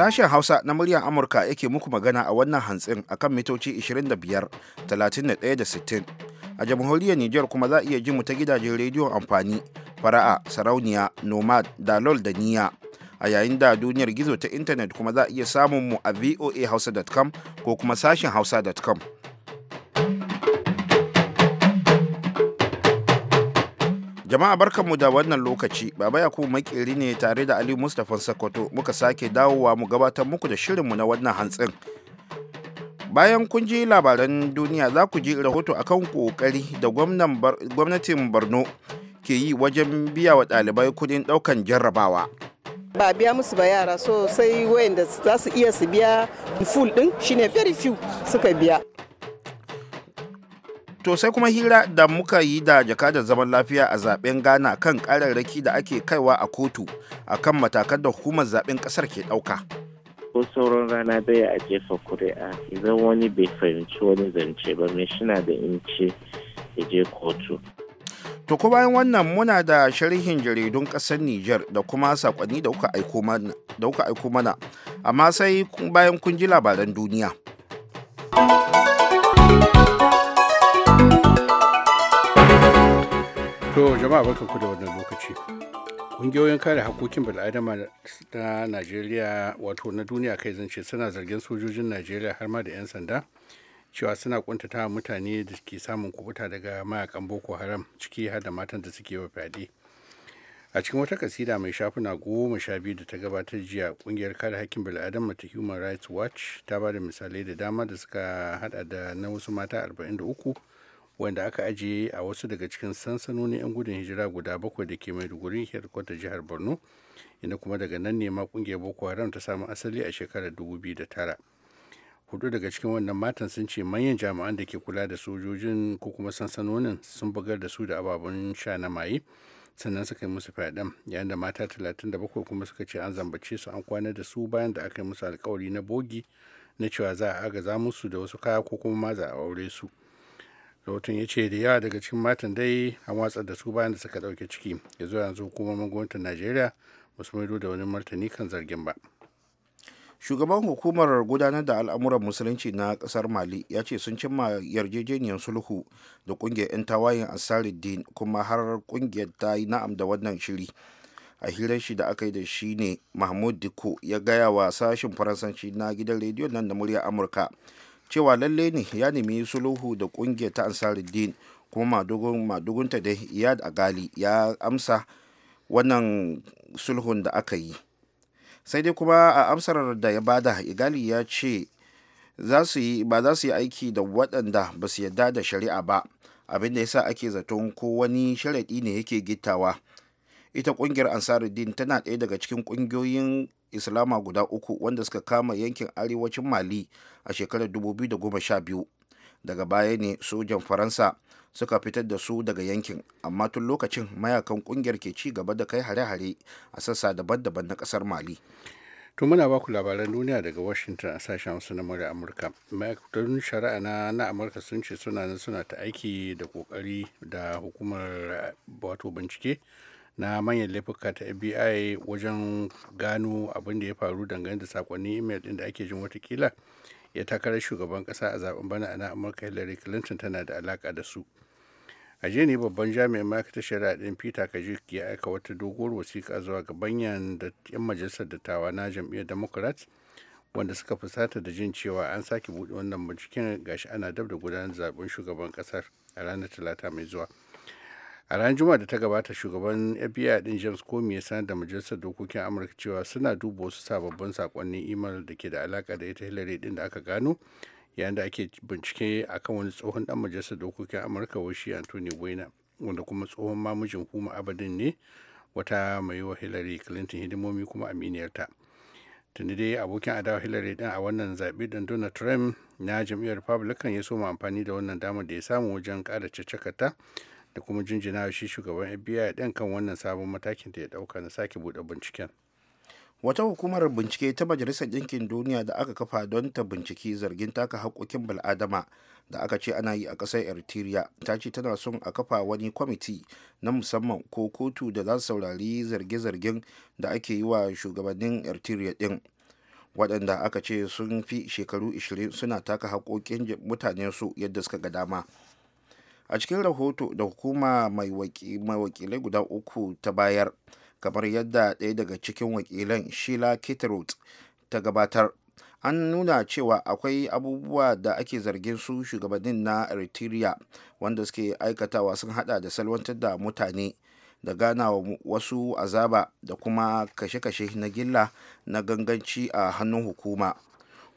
Sashen Hausa na muryar Amurka yake muku magana a wannan hantsin akan mitoci 25, 31 da 60. A jamhuriyar Nijar kuma za a iya ji mu ta gidajen rediyon amfani, fara'a, sarauniya, nomad, dalol da niya. A yayin da duniyar gizo ta intanet kuma za a iya samun mu a voahausa.com ko kuma sashen hausa.com. Jama'a barkanmu da wannan lokaci, Baba Yakubu makeri ne tare da Ali Mustapha Sokoto muka sake dawowa mu gabatar muku da shirinmu na wannan hantsin. Bayan kun ji labaran duniya za ku ji rahoto akan kokari da gwamnatin Borno ke yi wajen biya wa ɗalibai kudin ɗaukan jarrabawa. ba biya musu ba yara so sai wayanda za su iya su biya full din shine very few suka biya to sai kuma hira da muka yi da jakadar zaman lafiya a zaben ghana kan kararraki da ake kaiwa a kotu a kan matakan da hukumar zaben kasar ke dauka ko sauran rana daya a jefa kuri'a idan wani bai fahimci wani zance ba mai shina da inci ya je kotu to ko bayan wannan muna da sharhin jaridun kasar nijar da kuma sakonni da kuka aiko mana amma sai bayan kun ji labaran duniya To jama'a barkanku da wannan lokaci. Ƙungiyoyin kare hakokin bil'adama na Najeriya wato na duniya kai zance suna zargin sojojin Najeriya har ma da 'yan sanda cewa suna kuntata mutane da ke samun kubuta daga mayakan Boko Haram ciki har da matan da suke wa fyaɗe. A cikin wata kasida mai shafuna goma sha biyu da ta gabatar jiya ƙungiyar kare hakkin bil'adama ta Human Rights Watch ta ba da misalai da dama da suka haɗa da na wasu mata arba'in da uku. wanda aka ajiye a wasu daga cikin sansanoni 'yan gudun hijira guda bakwai da ke mai maiduguri hedkwatar jihar borno inda kuma daga nan ne ma kungiyar boko haram ta samu asali a shekarar 2009 hudu daga cikin wannan matan sun ce manyan jami'an da ke kula da sojojin ko kuma sansanonin sun bugar da su da ababen sha na maye sannan suka yi musu fyaɗan yayin da mata talatin da 37 kuma suka ce an zambace su an kwana da su bayan da aka yi musu alkawari na bogi na cewa za a agaza musu da wasu kaya ko kuma ma za a aure su rahoton ya ce da yawa daga cikin matan dai an watsar da su bayan da suka dauke ciki ya zo yanzu hukumomin gwamnatin najeriya ba su maido da wani martani kan zargin ba shugaban hukumar gudanar da al'amuran musulunci na kasar mali ya ce sun cimma yarjejeniyar sulhu da kungiyar 'yan tawayen asaruddin kuma har kungiyar ta yi na'am da wannan shiri a hirar shi da aka yi da shi ne mahmud diko ya gaya wa sashen faransanci na gidan rediyon nan da muryar amurka cewa lalle ne ya nemi sulhu da kungiyar ta ansarin din kuma madugunta da iyad agali ya amsa wannan sulhun da aka yi sai dai kuma a amsar da ya bada igali ya ce ba za su yi aiki da waɗanda ba su yarda da shari'a ba abin da yasa ake zaton ko wani sharaɗi ne yake gittawa ita ƙungiyar din tana ɗaya daga cikin ƙungiyoyin islama guda uku wanda suka kama yankin arewacin mali a shekarar 2012 daga baya ne sojan faransa suka fitar da su daga yankin amma tun lokacin mayakan kungiyar ke ci gaba da kai hare-hare a sassa daban-daban na kasar mali to muna baku labaran duniya daga washington a sashen wasu na murya amurka ma'aikatan shari'a na na amurka sun ce suna suna ta aiki da kokari da hukumar wato bincike na manyan laifuka ta fbi wajen gano abin da ya faru dangane da sakonnin imel din da ake jin watakila ya takarar shugaban kasa a zaben bana a na amurka hillary clinton tana da alaka da su a jiya ne babban jami'in ma'aikatar shari'a din peter kajik ya aika wata doguwar wasiƙa zuwa ga banyan da 'yan majalisar dattawa na jam'iyyar democrats wanda suka fusata da jin cewa an sake buɗe wannan binciken gashi ana dab da gudanar zaben shugaban kasar a ranar talata mai zuwa a ranar juma'a da ta gabata shugaban fbi din james comey ya sanar da majalisar dokokin amurka cewa suna duba wasu sababbin sakonnin imel da ke da alaka da ita hillary din da aka gano yayin da ake bincike a kan wani tsohon dan majalisar dokokin amurka washi anthony weiner wanda kuma tsohon mamujin kuma abadin ne wata mai wa hillary clinton hidimomi kuma aminiyarta tuni dai abokin adawa hillary din a wannan zaɓe don donald trump na jam'iyyar republican ya soma amfani da wannan damar da ya samu wajen ƙara caccakata da kuma jinjina shi shugaban FBI ɗin kan wannan sabon matakin da ya ɗauka na sake buɗe binciken. Wata hukumar bincike ta Majalisar Ɗinkin Duniya da aka kafa don ta binciki zargin taka haƙoƙin bil'adama da aka ce ana yi a ƙasar Eritrea ta ce tana son a kafa wani kwamiti na musamman ko kotu da za su saurari zarge-zargen da ake yi wa shugabannin Eritrea ɗin. waɗanda aka ce sun fi shekaru 20 suna taka haƙoƙin su yadda suka ga dama. a cikin rahoto da hukuma mai wakilai guda uku ta bayar kamar yadda ɗaya daga cikin wakilan sheila kitrot ta gabatar an nuna cewa akwai abubuwa da ake zargin su shugabannin na eritrea wanda suke aikatawa sun hada da salwantar da mutane da gana wasu azaba da kuma kashe-kashe na gilla na ganganci a hannun hukuma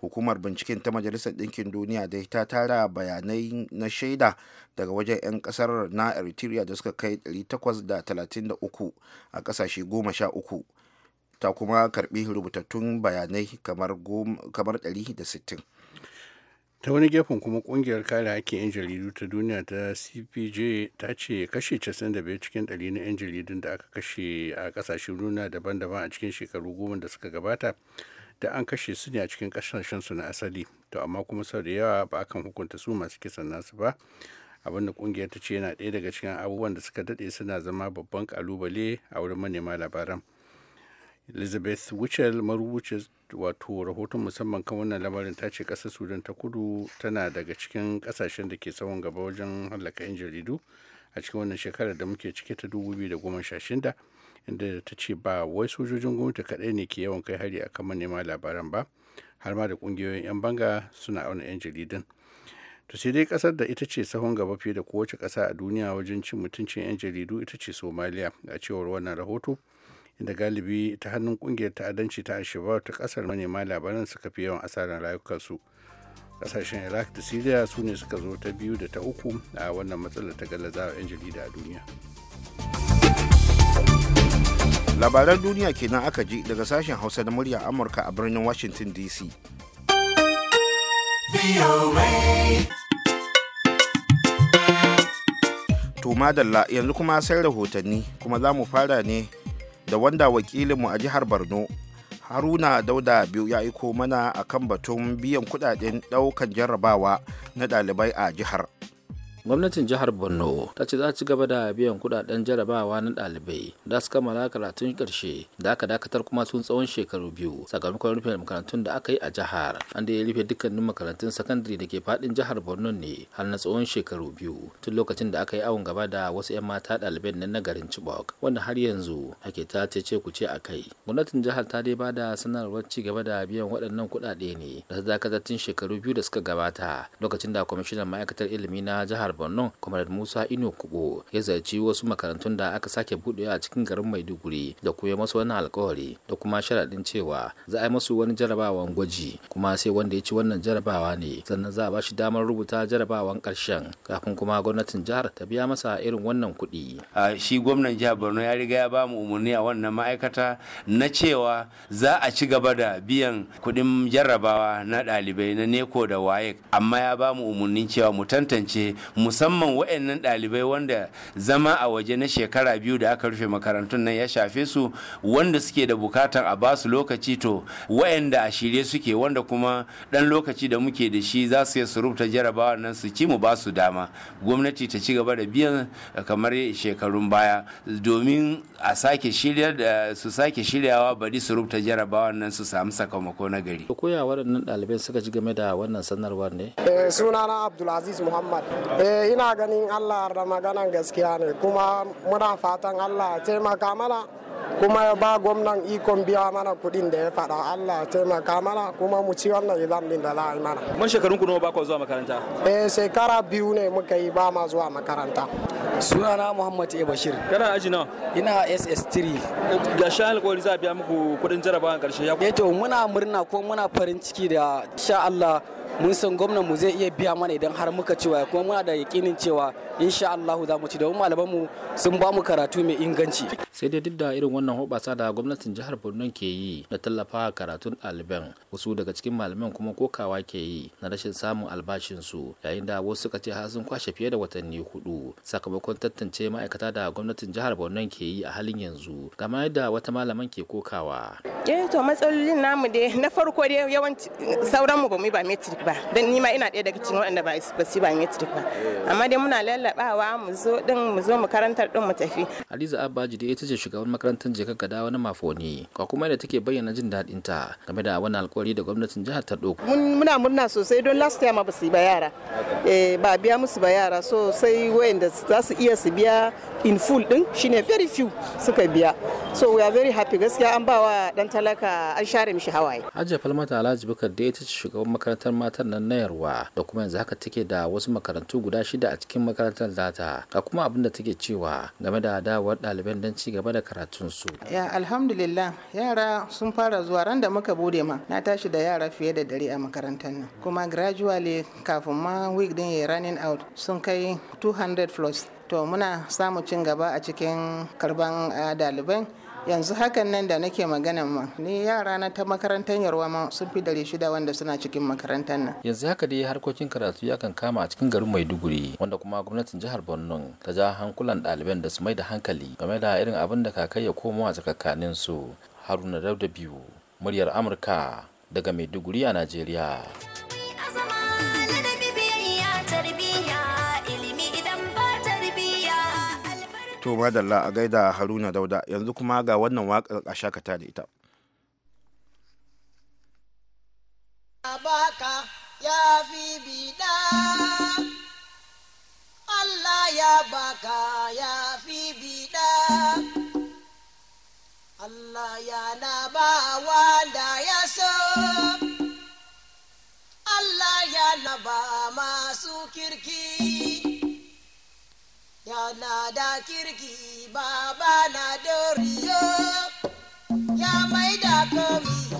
hukumar binciken ta majalisar ɗinkin duniya da ta tara bayanai na shaida daga wajen 'yan kasar na eritrea da suka kai 833 a ƙasashe 13 ta kuma karbi rubutattun bayanai kamar 160 ta wani gefen kuma kungiyar kare hakkin 'yan jaridu ta duniya ta cpj ta ce kashe 95 cikin 100 na 'yan jaridun da aka kashe a kasashen duniya daban-daban a cikin shekaru goma da suka gabata da an kashe su ne a cikin su na asali to amma kuma sau da yawa ba kan hukunta su masu kisan nasu ba abinda kungiyar ta ce yana ɗaya daga cikin abubuwan da suka daɗe suna zama babban kalubale a wurin manema labaran elizabeth wuchel marubuci wato rahoton musamman kan wannan lamarin ta ce ƙasar sudan ta kudu tana daga cikin ƙasashen da ke tsawon gaba wajen hallaka 'yan jaridu a cikin wannan shekarar da muke cike ta 2016 inda ta ce ba wai sojojin gwamnati kaɗai ne ke yawan kai hari akan manema labaran ba har ma da ƙungiyoyin 'yan banga suna auna 'yan jaridan to sai dai kasar da ita ce sahun gaba fiye da kowace ƙasa a duniya wajen cin mutuncin 'yan jaridu ita ce somalia a cewar wannan rahoto inda galibi ta hannun kungiyar ta'addanci ta ashabar ta kasar manema labaran suka fi yawan asarar rayukansu kasashen iraq da syria su ne suka zo ta biyu da ta uku a wannan matsalar ta gallazawa 'yan jarida a duniya. labaran duniya kenan aka ji daga sashen hausa na murya amurka a birnin washington dc to madalla yanzu kuma sai rahotanni kuma za mu fara ne da wanda wakilinmu a jihar borno haruna dauda biyu ya aiko mana akan batun biyan kudaden daukan jarrabawa na dalibai a jihar gwamnatin jihar borno ta ce za ci gaba da biyan kudaden jarabawa na ɗalibai da su kammala karatun karshe da aka dakatar kuma sun tsawon shekaru biyu sakamakon rufe makarantun da aka yi a jihar an da ya rufe dukkanin makarantun sakandare da ke faɗin jihar borno ne har na tsawon shekaru biyu tun lokacin da aka yi awon gaba da wasu 'yan mata ɗalibai na nagarin chibok wanda har yanzu ake ta ce ku ce a kai gwamnatin jihar ta dai bada sanarwar ci gaba da biyan waɗannan kuɗaɗe ne da ta dakatar tun shekaru biyu da suka gabata lokacin da kwamishinan ma'aikatar ilimi na jihar jihar borno kwamar musa ino kubo ya zarci wasu makarantun da aka sake buɗewa a cikin garin maiduguri da koya masu wani alkawari da kuma sharaɗin cewa za a yi masu wani jarabawan gwaji kuma sai wanda ya ci wannan jarabawa ne sannan za a ba shi damar rubuta jarabawan ƙarshen kafin kuma gwamnatin jihar ta biya masa irin wannan kuɗi. shi gwamnan jihar borno ya riga ya ba mu umarni a wannan ma'aikata na cewa za a ci gaba da biyan kuɗin jarrabawa na ɗalibai na neko da waye amma ya ba mu umarnin cewa mu tantance mu musamman wa'annan ɗalibai wanda zama a waje na shekara biyu da aka rufe makarantun nan ya shafe su wanda suke da bukatan a basu lokaci to wa'anda a shirye suke wanda kuma ɗan lokaci da muke da shi za su su rubuta jarabawa nan su ci mu ba su dama gwamnati ta ci gaba da biyan eh, kamar shekarun baya domin a sake shirya da eh, su sake shiryawa bari su rubuta jarabawa nan su samu sakamako na gari. Koya waɗannan ɗalibai suka ji game da wannan sanarwar ne? Eh, sunana Abdulaziz Muhammad. eh ina ganin allah da maganan gaskiya ne kuma muna fatan allah taimaka mana kuma ya ba gwamnan ikon biya mana kudin da ya fada, Allah ya taimaka mana kuma mu ci wannan idan din da za'a mana. Man shekarun ku nawa ba ku zuwa makaranta? Eh shekara biyu ne muka yi ba ma zuwa makaranta. Sunana Muhammad E Bashir. Kana aji nawa? Ina SS3. Ga sha alƙawari za a biya muku kudin jarabawan ƙarshe ya. Eh to muna murna ko muna farin ciki da sha Allah mun san gwamnan mu zai iya biya mana idan har muka cewa kuma muna da yakinin cewa insha Allah za mu ci da malaman mu sun ba mu karatu mai inganci sai dai duk da irin wannan hoɓasa da gwamnatin jihar Borno ke yi na tallafa karatun ɗaliban wasu daga cikin malaman kuma kokawa ke yi na rashin samun albashin su yayin da wasu suka ce har sun kwashe fiye da watanni hudu sakamakon tantance ma'aikata da gwamnatin jihar Borno ke yi a halin yanzu kamar yadda wata malaman ke kokawa eh to matsalolin namu dai na farko dai yawanci sauran mu ba mu ba metric ba don nima ina ɗaya daga cikin waɗanda ba su ba yatrik ba amma dai muna lallabawa mu zo din mu zo mu karantar din mu tafi Hadiza Abaji da ita ce shugaban makarantar jikar Gadawa na Mafoni ko kuma da take bayyana jin daɗin ta game da wannan alƙawari da gwamnatin jihar ta ɗauko muna murna sosai don last time ba su ba yara eh ba biya musu ba yara so sai wayanda za su iya su biya in full din shine very few suka biya so we are very happy gaskiya an bawa dan talaka an share mishi hawaye Hajiya Falmata Alhaji Bukar da ita ce shugaban makarantar mata buƙatar nan na yarwa da kuma yanzu haka take da wasu makarantu guda shida a cikin makarantar data ga kuma abin da take cewa game da dawowar ɗaliban don ci gaba da karatunsu. ya alhamdulillah yara sun fara zuwa ran da muka bude ma na tashi da yara fiye da dare a makarantar nan kuma gradually kafin ma week din ya running out sun kai 200 plus to muna samun cin gaba a cikin karban ɗaliban yanzu hakan nan da nake magana ma ni yara na ta makarantar yarwa ma sun fi dari shida wanda suna cikin makarantar nan yanzu haka dai harkokin karatu ya kan kama a cikin garin maiduguri wanda kuma gwamnatin jihar borno ta ja hankulan ɗaliban da su mai da hankali game da irin abin da kakai ya komo a tsakakanin su haruna dauda biyu muryar amurka daga maiduguri a najeriya to madalla a gaida haruna dauda yanzu kuma ga wannan waƙar a shakata da ita baka ya fi Allah ya baka ya fi Allah ya na ba wanda ya so Allah ya na ba yana da kirki baba na doriyo ya mai da komi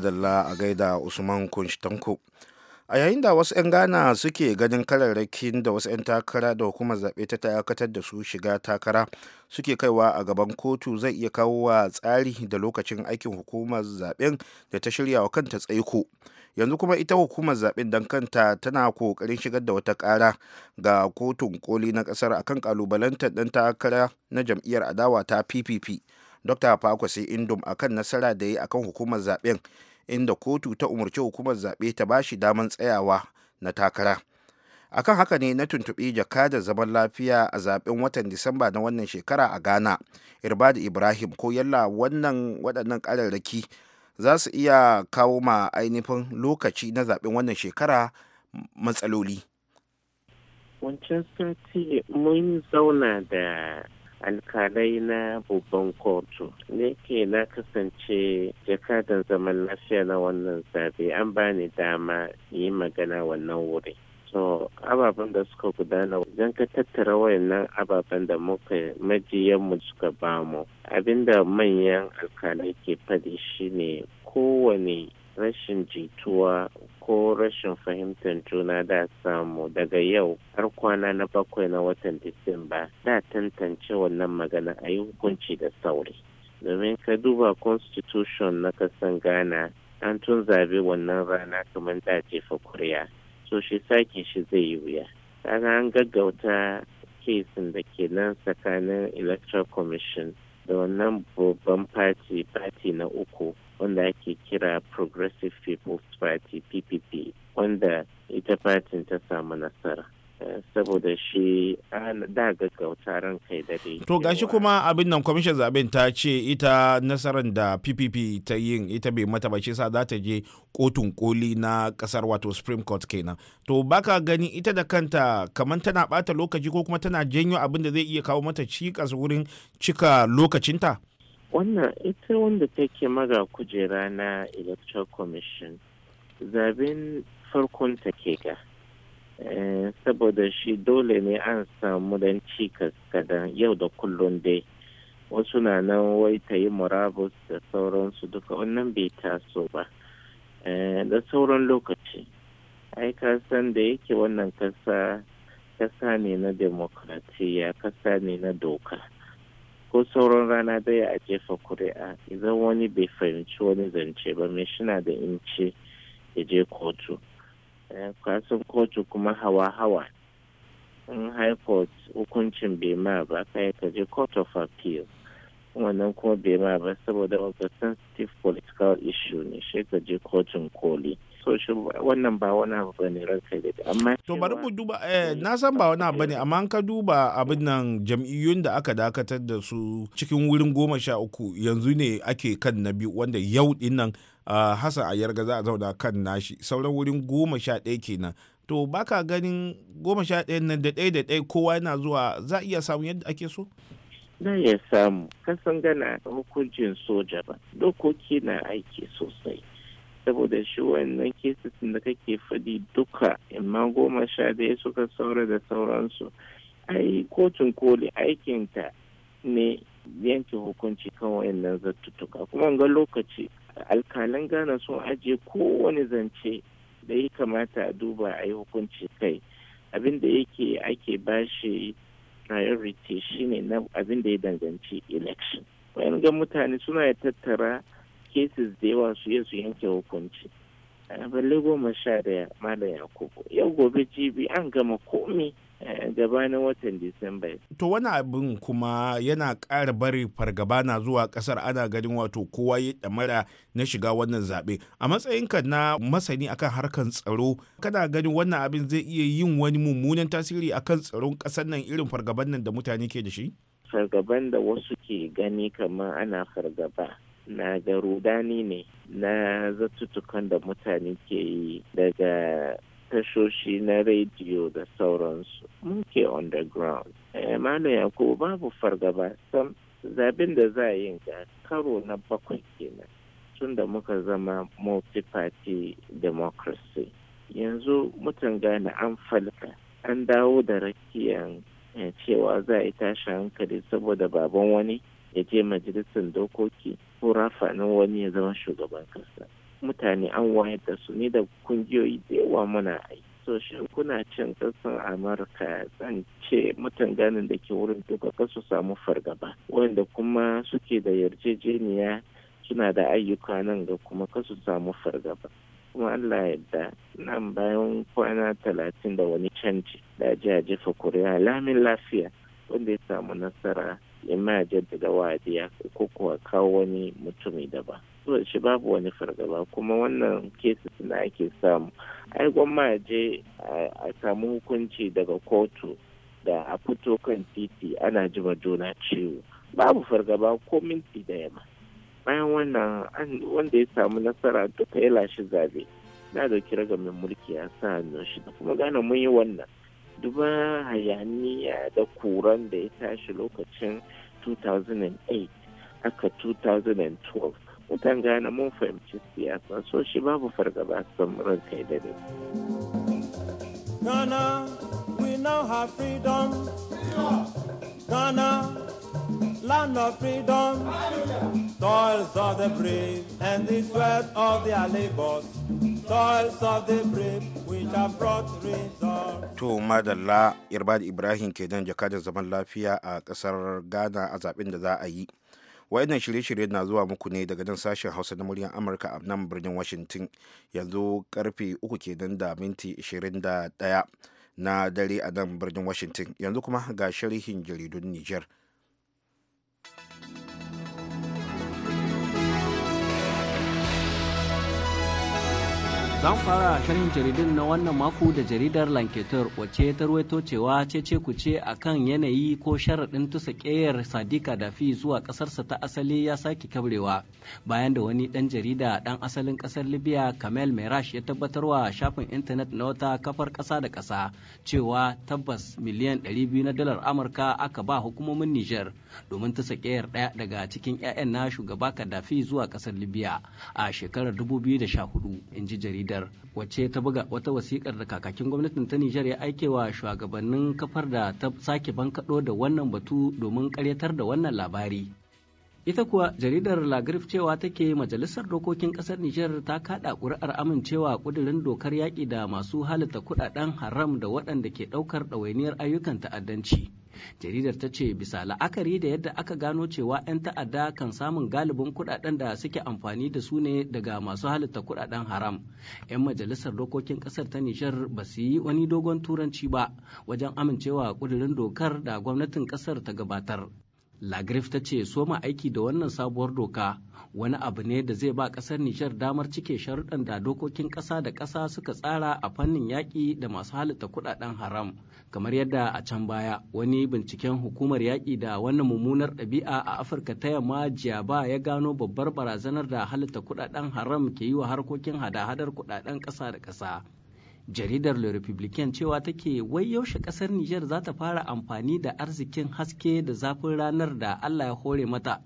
madalla a gaida usman Tanko? a yayin da wasu 'yan ghana suke ganin kararrakin da wasu 'yan takara da hukumar zaɓe ta dakatar da su shiga takara suke kaiwa a gaban kotu zai iya kawo wa tsari da lokacin aikin hukumar zaɓen da ta shirya wa kanta tsaiko yanzu kuma ita hukumar zaɓen don kanta tana ƙoƙarin shigar da wata ƙara ga kotun koli na ƙasar akan ƙalubalantar ɗan takara na jam'iyyar adawa ta ppp dr fakwasi indom akan nasara da ya akan hukumar zaɓen inda kotu ta umarci hukumar zaɓe ta bashi daman tsayawa na takara akan haka ne na tuntuɓi jakadar zaman lafiya a zaɓen watan disamba na wannan shekara a ghana irbadu ibrahim ko yalla wannan waɗannan ƙararraki za su iya kawo ma ainihin lokaci na zaɓen wannan shekara matsaloli wancan sati mun zauna da alkalai na babban kotu ne ke na kasance jakadan zaman lafiya na wannan zabe an bani dama yi magana wannan wuri so ababen da suka gudana wajen ka tattara wayannan ababen da muka majiyanmu suka mu, abinda manyan alkalai ke faɗi shine kowane rashin jituwa ko rashin fahimtar juna da samu daga yau har kwana na bakwai na watan Disamba da tantance wannan magana a yi hukunci da sauri. Domin ka duba constitution na kasan Ghana an tun zabe wannan rana kamar da jefa kuriya. So shi sake shi zai yi wuya. Kaga an gaggauta kesin da ke nan tsakanin electoral commission da wannan babban party party na uku wanda ake kira progressive people's party ppp wanda ita fatin ta samu nasara eh, saboda shi da gaggauta ran kai da dai To gashi kuma abin nan kwamishin zaben ta ce ita nasarar da PPP ta yin ita bai mata ba shi sa za ta je kotun koli na kasar wato Supreme Court kenan. To baka gani ita da kanta kamar tana bata lokaci ko kuma tana janyo abin da zai iya kawo mata cikas wurin cika lokacinta? wannan ita wanda take maga kujera na electoral commission zaben farkon ta ke ga eh, saboda shi dole ne an samu dan cikas kadan yau da kullum dai wasu na nan wai ta yi murabus da sauransu duka wannan bai taso ba eh, da sauran lokaci ai ka san da yake wannan kasa kasa ne na demokratiya kasa ne na doka ko sauran rana daya a jefa kuri'a idan wani bai fahimci wani zance ba mai shina da inci ya je kotu eh, kwasan kotu kuma hawa-hawa in high court hukuncin bai ma ba kai ka je court of appeal wannan kuma bai ma ba saboda wata sensitive political issue ne shi ka je kotun koli so wannan ba wani abu bane da amma to bari mu duba eh na san ba wani abu ne amma an ka duba abin nan jam'iyyun da aka dakatar da su cikin wurin goma sha uku yanzu ne ake kan na biyu wanda yau din nan a ah, yargaza za a zauna kan nashi sauran wurin goma sha ɗaya kenan to baka ganin goma sha ɗaya nan da ɗaya da ɗaya kowa yana zuwa za a iya samun yadda ake so na ya samu kasan gana hukuncin soja ba dokoki na aiki sosai saboda shi wannan kesisin da kake faɗi duka imma goma sha daya suka saura da sauransu ai kotun koli aikinta ne yanke hukunci kan wayannan zattuttuka kuma ga lokaci alkalan gana sun ajiye kowane zance da ya kamata a duba a yi hukunci kai abin da yake ake bashi priority shine na abin da ya danganci election wayan ga mutane suna ya tattara cases da yawa su yi su yanke hukunci eh, balle goma sha daya malam yakubu yau gobe jibi an gama komi eh, gabanin watan disamba to wani abin kuma yana ƙara bari fargaba na zuwa ƙasar ana ganin wato kowa ya ɗamara na shiga wannan zaɓe a matsayinka na masani akan harkar tsaro kana ganin wannan abin zai iya yin wani mummunan tasiri akan tsaron ƙasar nan irin fargaban nan da mutane ke da shi fargaban da wasu ke gani kamar ana fargaba na da rudani ne na zatutukan da mutane ke yi daga tashoshi na rediyo da sauransu muke underground Emmanuel eh, Yakubu babu fargaba sam zabin da za a yi ga karo na bakwai kenan tun da muka zama multi-party democracy yanzu mutan gane an falka an dawo da rakiyan eh, cewa za a yi tashi hankali saboda baban wani ya je majalisar dokoki ko na wani ya zama shugaban kasa mutane an wayar da su ne da kungiyoyi da yawa muna aiki so shin kuna cin kasan amurka zan ce mutan ganin da ke wurin duka kasu samu fargaba wanda kuma suke da yarjejeniya suna da ayyuka nan ga kuma kasu samu fargaba kuma allah yadda nan bayan kwana talatin da wani canji da ji a jefa kuri'a lamin lafiya wanda ya samu nasara in ma jaddada wa'adi ya ko kuwa kawo wani mutumi daban so shi babu wani fargaba kuma wannan kesis na ake samu ai gwamma je a samu hukunci daga kotu da a fito kan titi ana jima juna ciwo babu fargaba ko minti da yamma. bayan wannan wanda ya samu nasara duka ya lashe zabe na dauki ragamin mulki ya sa hannun shi da kuma gane mun yi wannan duba hayaniya da kuran da ya tashi lokacin 2008 aka 2012 mutan gane mun fahimci siyasa so shi babu fargaba san ran kai da ne. Ghana, we now have freedom. Ghana, land of freedom. Toils of the brave and the sweat of their labors. toils of the brave which have brought results. To Madalla, Irbad Ibrahim kenan jakadin zaman lafiya a kasar Ghana a zaɓen da za a yi. waɗannan shirye-shirye na zuwa muku ne daga nan sashen hausa na muryar amurka a nan birnin washington yanzu karfe uku kenan da minti 21 na dare a nan birnin washington yanzu kuma ga sharhin jaridun nijar Zan fara shirin jaridun na wannan mako da jaridar Lanketer wacce ta ruwaito cewa ku ce a kan yanayi ko sharaɗin tusa ƙeyar Sadiqa Dafi zuwa ƙasarsa ta asali ya sake kabrewa bayan da wani ɗan jarida ɗan asalin ƙasar Libya Kamel Merash ya tabbatarwa shafin intanet na wata kafar ƙasa da ƙasa cewa tabbas miliyan 200 na dalar Amurka aka ba hukumomin Nijar. domin ta yar ɗaya daga cikin 'ya'yan na shugaba Kaddafi zuwa ƙasar Libya a shekarar 2014 in ji jaridar wacce ta buga wata wasiƙar da kakakin gwamnatin ta Nijar ya wa shugabannin kafar da ta sake bankaɗo da wannan batu domin ƙaryatar da wannan labari. ita kuwa jaridar lagrif cewa take majalisar dokokin kasar nijar ta kada kuri'ar amincewa kudirin dokar yaƙi da masu halitta kudaden haram da waɗanda ke ɗaukar ɗawainiyar ayyukan ta'addanci jaridar ta ce bisa la'akari da yadda aka gano cewa 'yan ta'adda kan samun galibin kudaden da suke amfani da su ne daga masu halitta kudaden haram 'yan majalisar dokokin kasar ta nijar ba su yi wani dogon turanci ba wajen amincewa kudirin dokar da gwamnatin kasar ta gabatar lagrif ta ce soma aiki da wannan sabuwar doka wani abu ne da zai ba kasar nijar damar cike sharuɗan da dokokin ƙasa da ƙasa suka tsara a fannin yaƙi da masu halitta kuɗaɗen haram kamar yadda a can baya wani binciken hukumar yaƙi da wannan mummunar ɗabi'a a afirka ta yamma jiya ba ya gano babbar barazanar da halitta kuɗaɗen haram ke yi wa harkokin hada-hadar kuɗaɗen ƙasa da ƙasa jaridar le republican cewa take wai yaushe kasar niger za ta fara amfani da arzikin haske da zafin ranar da allah ya hore mata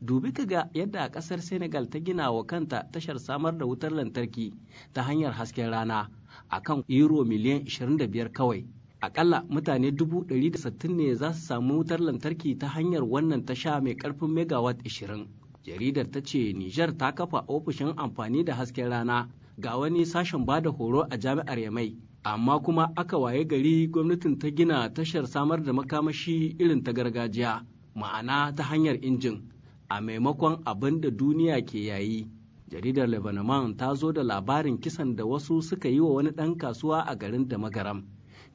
dubi ka ga yadda kasar senegal ta gina wa kanta tashar samar da wutar lantarki ta hanyar hasken rana akan euro miliyan 25 kawai akalla mutane 160 ne za su samu wutar lantarki ta hanyar wannan tasha mai karfin megawatt 20 jaridar ta ce niger ta kafa ofishin amfani da hasken rana ga wani sashen bada horo a jami'ar Yamai. Amma kuma aka waye gari gwamnatin ta gina tashar samar da makamashi irin ta gargajiya, ma'ana ta hanyar injin, a maimakon abin da duniya ke yayi. Jaridar Lebanon ta zo da labarin kisan da wasu suka yi wa wani ɗan kasuwa a garin da magaram.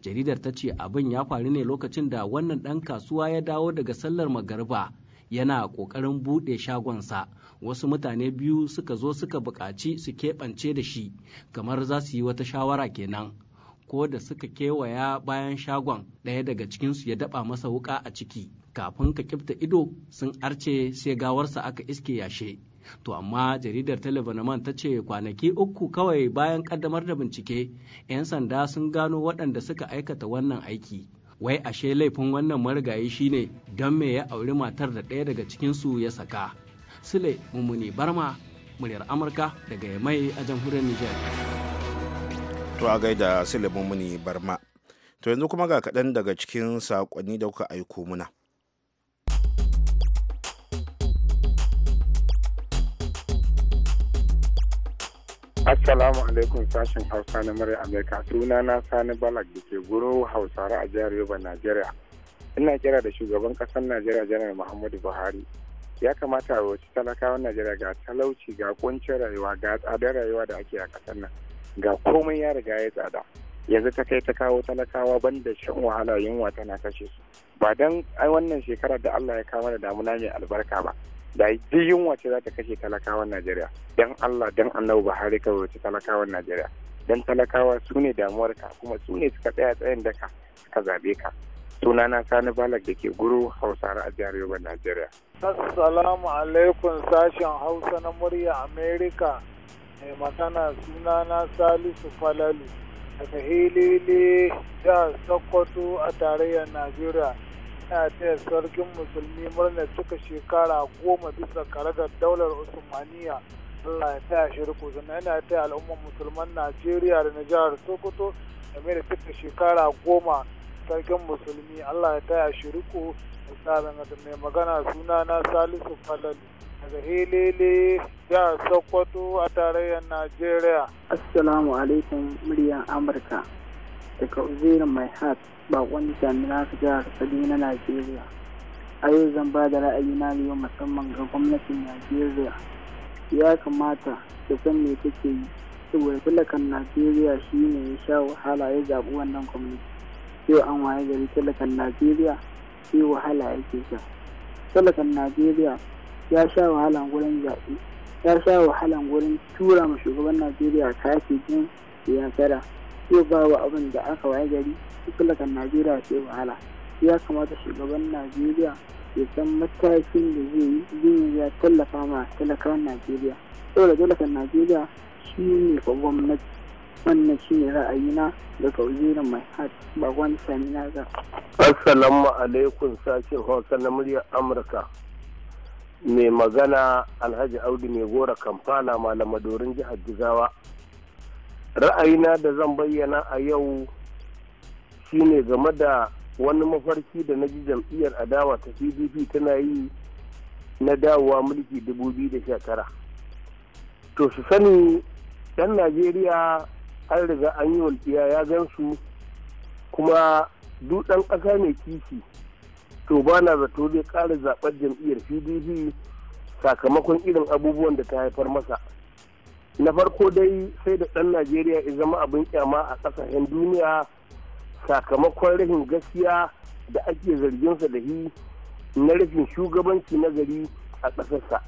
Jaridar ta ce abin ya faru ne lokacin da wannan ɗan kasuwa ya dawo daga sallar magariba. yana ƙoƙarin buɗe shagonsa wasu mutane biyu suka zo suka buƙaci su keɓance da shi kamar za su yi wata shawara kenan ko da suka kewaya bayan shagon ɗaya daga cikinsu ya daɓa masa wuƙa a ciki kafin ka kifta ido sun arce sai gawarsa aka iske yashe to amma jaridar telebanaman ta ce kwanaki uku kawai bayan ƙaddamar da bincike 'yan sanda sun gano waɗanda suka aikata wannan aiki wai ashe laifin wannan marigayi shine don me ya auri matar da ɗaya daga cikinsu ya saka sule mummuni barma muryar amurka daga yamai a jamhuriyar niger to a gaida sule mummuni barma to yanzu kuma ga kaɗan daga cikin saƙonni da kuka aiko muna Assalamu alaikum sashen Hausa na murya Amerika. Suna na Sani Balak da ke guro Hausa a jihar Yoruba, Najeriya. Ina kira da shugaban ƙasar Najeriya Janar Muhammadu Buhari. Ya kamata a wasu talakawan Najeriya ga talauci ga kuncin rayuwa ga tsadar rayuwa da ake a ƙasar nan. Ga komai ya riga ya tsada. Yanzu ta kai ta kawo talakawa ban da shan wahala yunwa tana kashe su. Ba don ai wannan shekarar da Allah ya kawo da damuna mai albarka ba. da duk yunwa ce za ta kashe talakawan najeriya dan allah dan annabi buhari ka wace talakawan najeriya dan talakawa su ne damuwar ka kuma su ne suka tsaya tsayin daka suka zabe ka sunana sani balak da ke guru hausare a jihar yoruba najeriya assalamu alaikum sashen hausa na murya Amerika mai magana sunana salisu falalu daga hilili jihar sokoto a tarayyar najeriya ina taya sarkin musulmi murnar cika shekara goma bisa karagar daular usmaniya allah ya taya shi riko sannan ina taya al'ummar musulman najeriya da na jihar sokoto game da cika shekara goma sarkin musulmi allah ya taya shi riko da mai magana suna na salisu falalu daga helele jihar sokoto a tarayyar najeriya assalamu alaikum muryar amurka daga uzirin mai hat bakon jami'a su jihar kaduna najeriya a yau zan ba da ra'ayi na yau musamman ga gwamnatin najeriya ya kamata da san me take yi saboda talakan najeriya shi ne ya sha wahala ya zaɓi wannan gwamnati yau an waye gari talakan najeriya sai wahala yake sha talakan najeriya ya sha wahala gurin zaɓi ya sha wahala gurin tura ma shugaban najeriya jin siyasara ya ba wa abin da aka waye gari kan najeriya sai wahala ya kamata shugaban najeriya ya san matakin da zai yi ya tallafa ma talakawan najeriya saboda talakan najeriya shi ne fa gwamnati wannan shi ne ra'ayina daga wajerin mai hat ba wani sami na ga assalamu alaikum sashen hausa na muryar amurka mai magana alhaji audu mai gora kamfana malamadorin jihar jigawa ra'ayina da zan bayyana a yau shine game da wani mafarki da na ji jam'iyyar adawa ta pdp tana yi na dawowa mulki 2019 to su sani 'yan najeriya an riga an yi walƙiya ya gansu kuma dutsen ƙasa mai kishi to ba na zato zai ƙara zaɓar jam'iyyar pdp sakamakon irin abubuwan da ta haifar masa na farko dai sai da ɗan najeriya ya zama abin kyama a ƙasashen duniya sakamakon rashin gaskiya da ake zarginsa da hi na rashin shugabanci na gari a ƙasarsa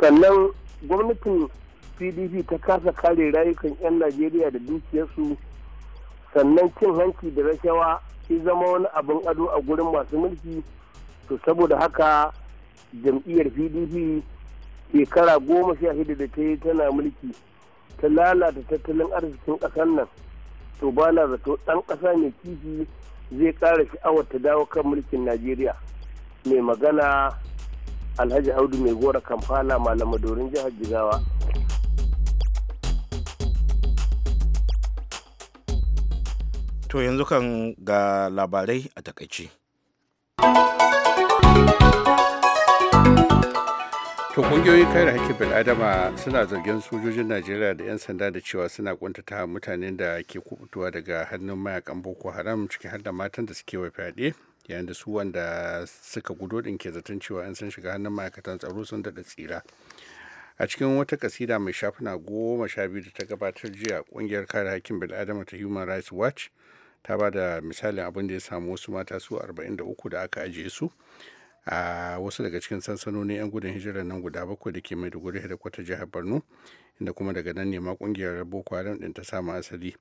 sannan gwamnatin pdp ta kasa kare rayukan 'yan najeriya da dukiyarsu sannan cin hanci da rashawa ya zama wani abin ado a gurin masu mulki to saboda haka jam'iyyar pdp shekara goma sha shida da ta yi tana mulki ta lalata tattalin arzikin ƙasar nan to ba na zato ɗan ƙasa mai kifi zai ƙara sha'awar ta dawo kan mulkin najeriya mai magana alhaji audu mai gora kamfala dorin jihar jigawa to yanzu kan ga labarai a takaici. to kungiyoyin hakin haƙƙin Adama suna zargin sojojin najeriya da 'yan sanda da cewa suna kuntata mutanen da ke kubutuwa daga hannun mayakan boko haram ciki har da matan da suke wa fyaɗe yayin da su wanda suka gudo ɗin ke zaton cewa 'yan sun shiga hannun ma'aikatan tsaro sun daɗa tsira a cikin wata kasida mai shafuna goma sha biyu da ta gabatar jiya kungiyar kare bil Adama ta human rights watch ta ba da misalin abin da ya samu wasu mata su 43 da aka ajiye su a wasu daga cikin sansanoni 'yan gudun hijirar nan guda bakwai da ke mai da kwata jihar borno inda kuma daga nan ne ma kungiyar boko haram din ta samu asali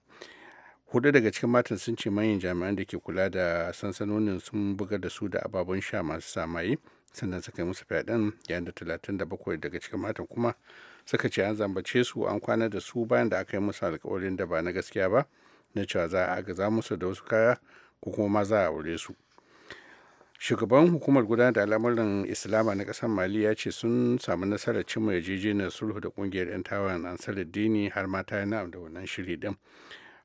hudu daga cikin matan sun ce manyan jami'an da ke kula da sansanonin sun bugar da su da ababen sha masu samaye sannan suka yi musu fyaɗen yayin da talatin da bakwai daga cikin matan kuma suka ce an zambace su an kwana da su bayan da aka yi musu alkawarin da ba na gaskiya ba na cewa za a musu da wasu kaya ko kuma ma za a aure su shugaban hukumar gudanar da al'amuran islama na kasar mali ya ce sun samu nasarar cimma yarjejeniyar sulhu da kungiyar 'yan tawayen ansar dini har mata ya na'am da wannan shiri din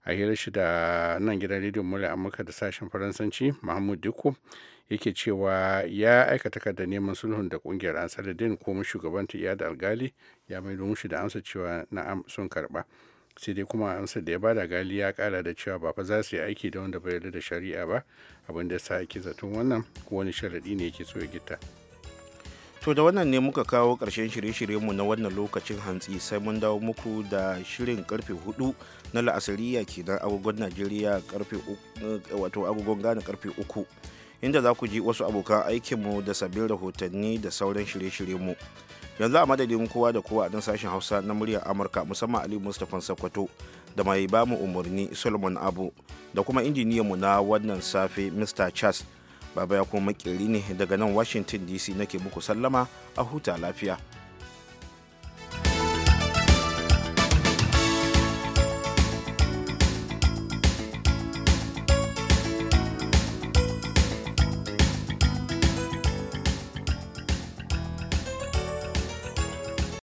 a hira shi da nan gidan rediyon mura amurka da sashen faransanci mahmud diko yake cewa ya aikata da neman sulhun da kungiyar ansar dini ko shugabanta iyad algali ya maido musu da amsa cewa na'am sun karba sai dai kuma amsar da ya bada gali ya kara da cewa ba fa za su yi aiki da wanda bai da shari'a ba abin da sa ake zaton wannan ko wani sharadi ne yake so ya gita to da wannan ne muka kawo ƙarshen shirye-shiryenmu na wannan lokacin hantsi sai mun dawo muku da shirin karfe 4 na la'asariya kenan agogon najeriya karfe eh, wato agogon gane karfe uku inda za ku ji wasu abokan aikinmu da sabbin rahotanni da sauran shirye-shiryenmu mu yanzu a madadin kowa da kowa don sashen hausa na muryar amurka musamman ali mustapha sakwato da mai ba mu umarni solomon abu da kuma mu na wannan safe mr charles baba ya kuma makeri ne daga nan washington dc nake muku sallama a huta lafiya